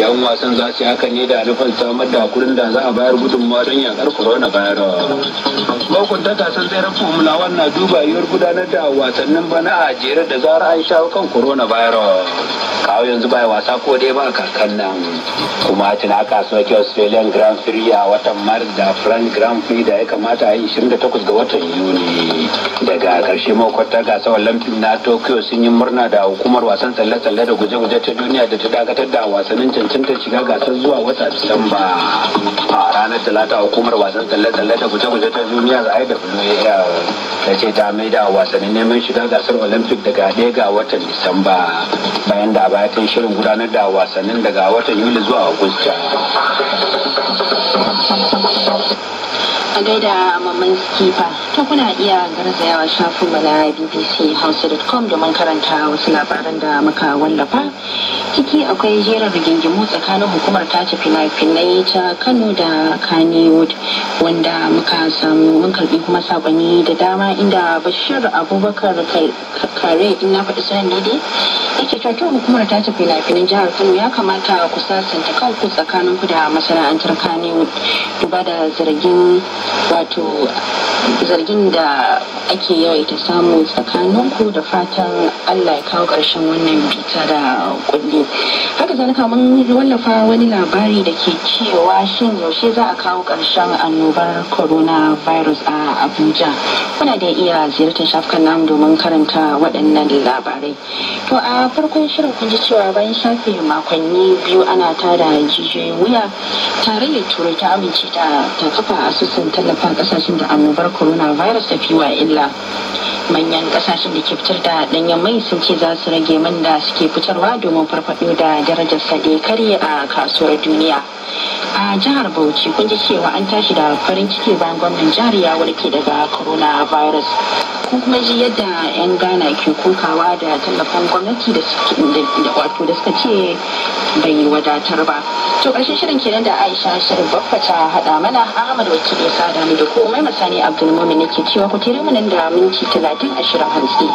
yan wasan za su yi haka ne da nufin samar da kurin da za a bayar gudunmawa don yakar bayarwa makunta gasar tseren formula wannan duba yiwuwar gudanar da wasannin bana a jere da zarar an shawo kan coronavirus kawo yanzu bai wasa ko dai ba kakan nan kuma tuna kasuwanci australian grand prix a watan maris da Fran grand prix da ya kamata a yi 28 ga watan yuni daga karshe makwata gasa olympic na tokyo sun yi murna da hukumar wasan tsalle-tsalle da guje-guje ta duniya da ta dakatar da wasannin cancantar shiga gasar zuwa wata disamba a ranar talata hukumar wasan tsalle-tsalle da guje-guje ta duniya da ta ce ta mai da wasannin neman shiga gasar olympic daga ɗaya ga watan disamba bayan da baya shirin gudanar da wasannin daga watan yuli zuwa agusta a gaida mamman kifa ta kuna iya garzayawa shafin na bbc hausa.com domin karanta wasu labaran da muka wallafa ciki akwai jerin rigingimu tsakanin hukumar tace finai-finai ta kano da kaniwood wanda muka samu mun karbi kuma sakonni da dama inda bashir abubakar kare in na faɗi sunan daidai yake kyautar hukumar ta tafi finan jihar kano ya kamata ku sasanta kanku tsakanin ku da masana'antar kanewood duba da zargin wato zargin da ake yawaita samu tsakanin ku da fatan allah ya kawo karshen wannan bita da kulli haka zalika mun wallafa wani labari da ke cewa shin yaushe za a kawo ƙarshen annobar virus a abuja kuna da iya ziyartar shafukan namu domin karanta waɗannan labarai to a a farkon shirin kun ji cewa bayan shafe makonni biyu ana tada jijiyoyin wuya da turai ta amince ta kafa asusun tallafin kasashen da annobar coronavirus ta fi wa illa manyan kasashen da ke fitar da danyen mai sun ce za su rage man da suke fitarwa domin farfaɗo da darajar sa karye a kasuwar duniya jihar bauchi kun ji cewa an tashi da farin ciki bayan gwamnan jihar ya warke daga corona virus kun kuma ji yadda 'yan gana ke kokawa da tallafin gwamnati da wato da suka ce bai wadatar ba to ƙarshen shirin kenan da aisha shirin babba ta haɗa mana ahmad wakil ya sa damu da komai masani abdulmumin ne ke cewa ku tere mu nan da minti talatin ashirin hantsi